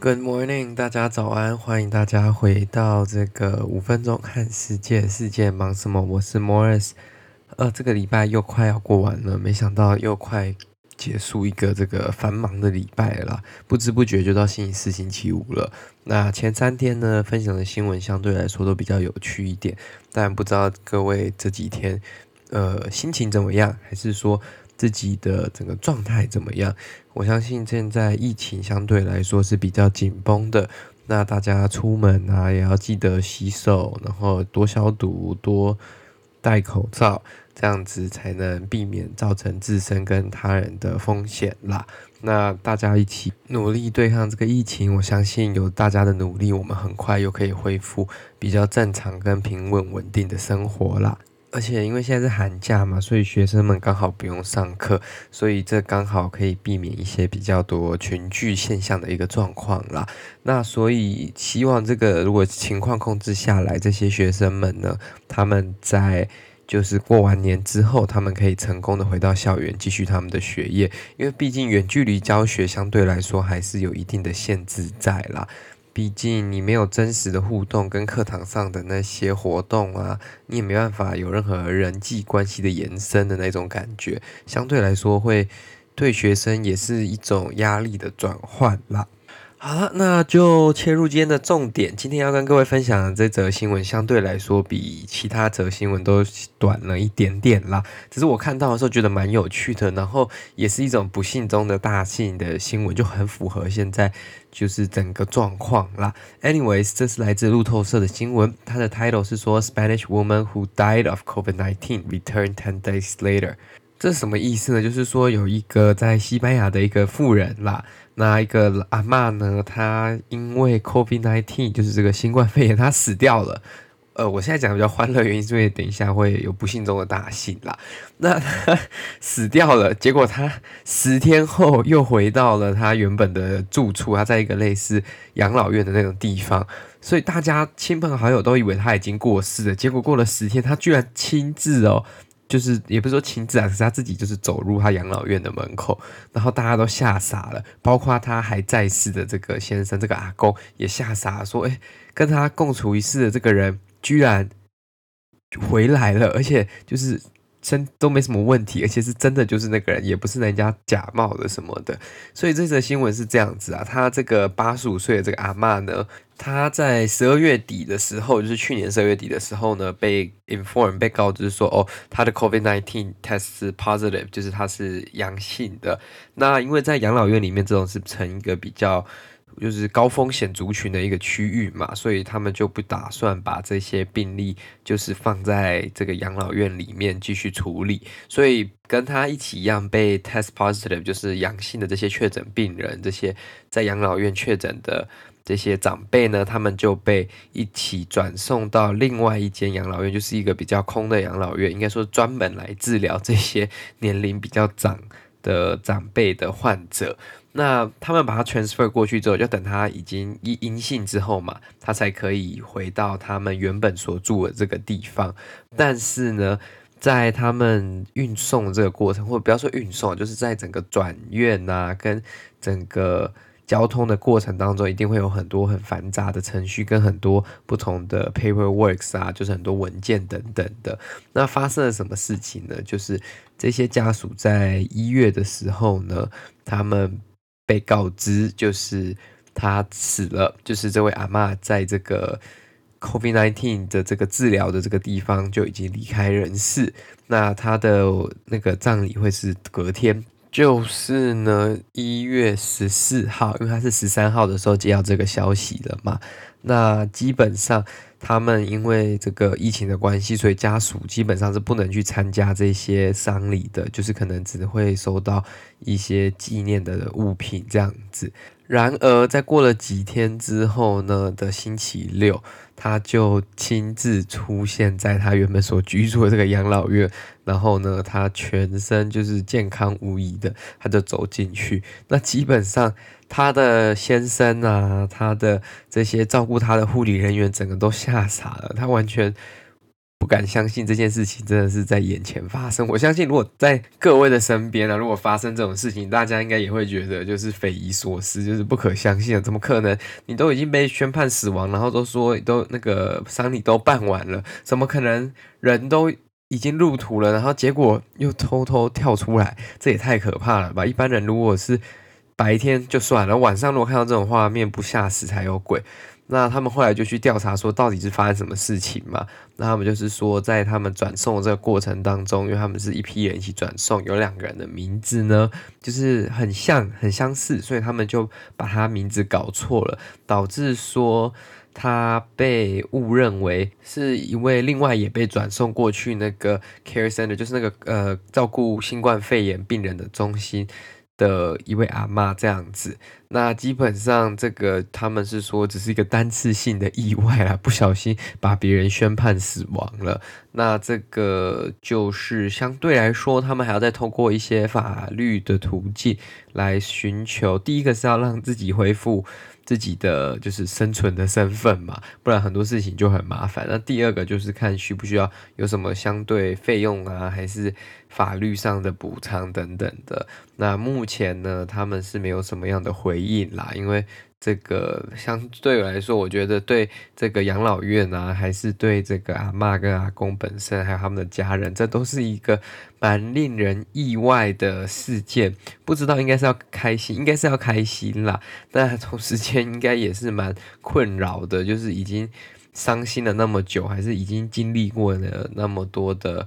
Good morning，大家早安，歡迎大家回到這個五分鐘看世界，世界忙什麼？我是 Morris。呃，這個禮拜又快要過完了，沒想到又快結束一個這個繁忙的禮拜了啦。不知不覺就到星期四、星期五了。那前三天呢，分享的新聞相對來說都比較有趣一點，但不知道各位這幾天呃心情怎麼樣，還是說？自己的整個狀態怎麼樣？我相信現在疫情相對來說是比較緊繃的，那大家出門啊也要記得洗手，然後多消毒、多戴口罩，這樣子才能避免造成自身跟他人的風險啦。那大家一起努力對抗這個疫情，我相信有大家的努力，我們很快又可以恢復比較正常跟平穩穩定的生活啦。而且因為現在是寒假嘛，所以學生們剛好不用上課，所以這剛好可以避免一些比較多群聚現象的一個狀況啦。那所以希望這個如果情況控制下來，這些學生們呢，他們在就是過完年之後，他們可以成功的回到校園繼續他們的學業，因為畢竟遠距離教學相對來說還是有一定的限制在啦。畢竟你沒有真實的互動跟課堂上的那些活動啊，你也沒辦法有任何人際關係的延伸的那種感覺，相對來說會對學生也是一種壓力的轉換啦。好了，那就切入今天的重點。今天要跟各位分享的這則新聞，相對來說比其他則新聞都短了一點點啦。只是我看到的時候覺得蠻有趣的，然後也是一種不幸中的大幸的新聞，就很符合現在就是整個狀況啦。Anyways，這是來自路透社的新聞，它的 title 是說：Spanish woman who died of COVID-19 returned ten days later。這什麼意思呢？就是說有一個在西班牙的一個富人啦，那一個阿嬤呢，她因為 COVID-19，就是這個新冠肺炎，她死掉了。呃，我現在講的比較歡樂的原因，因為等一下會有不幸中的大幸啦。那她死掉了，結果她十天後又回到了她原本的住處，她在一個類似養老院的那種地方，所以大家親朋好友都以為她已經過世了。結果過了十天，她居然親自哦。就是也不是說親自啊，可是他自己就是走入他養老院的門口，然後大家都嚇傻了，包括他還在世的這個先生，這個阿公也嚇傻了說，說、欸、哎，跟他共處一室的這個人居然回來了，而且就是。真，都沒什麼問題，而且是真的，就是那個人也不是人家假冒的什麼的，所以這則新聞是這樣子啊。他這個八十五歲的這個阿嬤呢，他在十二月底的時候，就是去年十二月底的時候呢，被 inform 被告知說，哦，他的 COVID nineteen test 是 positive，就是他是陽性的。那因為在養老院裡面，這種是成一個比較。就是高風險族群的一個區域嘛，所以他們就不打算把這些病例就是放在這個養老院裡面繼續處理。所以跟他一起一樣被 test positive，就是陽性的這些確診病人，這些在養老院確診的這些長輩呢，他們就被一起轉送到另外一間養老院，就是一個比較空的養老院，應該說專門來治療這些年齡比較長的長輩的患者。那他們把它 transfer 過去之後，就等他已經陰陰性之後嘛，他才可以回到他們原本所住的這個地方。但是呢，在他們運送的這個過程，或者不要說運送，就是在整個轉院吶、啊，跟整個交通的過程當中，一定會有很多很繁雜的程序，跟很多不同的 paperworks 啊，就是很多文件等等的。那發生了什麼事情呢？就是這些家屬在一月的時候呢，他們。被告知就是他死了，就是這位阿嬤，在這個 COVID-19 的這個治療的這個地方就已經離開人世。那他的那個葬禮會是隔天，就是呢一月十四號，因為他是十三號的時候接到這個消息了嘛。那基本上。他們因為這個疫情的關係，所以家屬基本上是不能去參加這些喪禮的，就是可能只會收到一些紀念的物品這樣子。然而，在過了幾天之後呢，的星期六，他就親自出現在他原本所居住的這個養老院，然後呢，他全身就是健康無虞的，他就走進去，那基本上。他的先生啊，他的這些照顧他的護理人員，整個都嚇傻了。他完全不敢相信這件事情真的是在眼前發生。我相信，如果在各位的身邊啊，如果發生這種事情，大家應該也會覺得就是匪夷所思，就是不可相信的。怎麼可能？你都已經被宣判死亡，然後都說都那個喪禮都辦完了，怎麼可能人都已經入土了，然後結果又偷偷跳出來？這也太可怕了吧！一般人如果是……白天就算了，晚上如果看到這種畫面，面不嚇死才有鬼。那他們後來就去調查說到底是發生什麼事情嘛？那他們就是說，在他們轉送的這個過程當中，因為他們是一批人一起轉送，有兩個人的名字呢，就是很像、很相似，所以他們就把他名字搞錯了，導致說他被誤認為是一位另外也被轉送過去那個 care center 的，就是那個呃照顧新冠肺炎病人的中心。的一位阿媽，這樣子。那基本上這個他們是說只是一個單次性的意外啦，不小心把別人宣判死亡了。那這個就是相對來說，他們還要再通過一些法律的途徑來尋求，第一個是要讓自己恢復自己的就是生存的身份嘛，不然很多事情就很麻煩。那第二個就是看需不需要有什麼相對費用啊，還是法律上的補償等等的。那目前呢，他們是沒有什麼樣的回。回應啦，因為這個相對來說，我覺得對這個養老院啊，還是對這個阿嬤跟阿公本身，還有他們的家人，這都是一個蠻令人意外的事件。不知道應該是要開心，應該是要開心啦。但同時間應該也是蠻困擾的，就是已經傷心了那麼久，還是已經經歷過了那麼多的。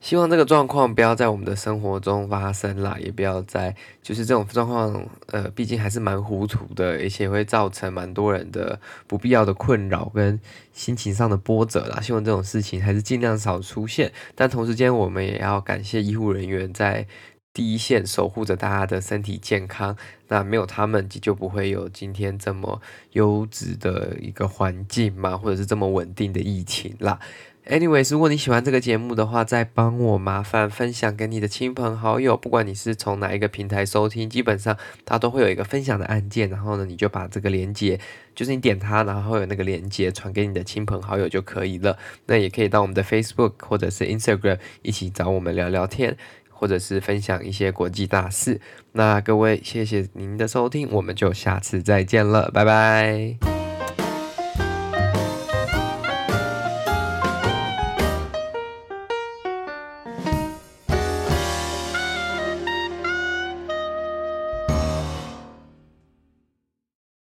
希望這個狀況不要在我們的生活中發生啦，也不要在就是這種狀況，呃，畢竟還是蠻糊塗的，而且會造成蠻多人的不必要的困擾跟心情上的波折啦。希望這種事情還是盡量少出現。但同時間，我們也要感謝醫護人員在第一線守護着大家的身體健康。那沒有他們，就不會有今天這麼優質的一個環境嘛，或者是這麼穩定的疫情啦。Anyway，如果你喜歡這個節目的話，再幫我麻煩分享給你的親朋好友。不管你是從哪一個平台收聽，基本上它都會有一個分享的按鍵。然後呢，你就把這個連接，就是你點它，然後有那個連接傳給你的親朋好友就可以了。那也可以到我們的 Facebook 或者是 Instagram 一起找我們聊聊天，或者是分享一些國際大事。那各位，謝謝您的收聽，我們就下次再見了，拜拜。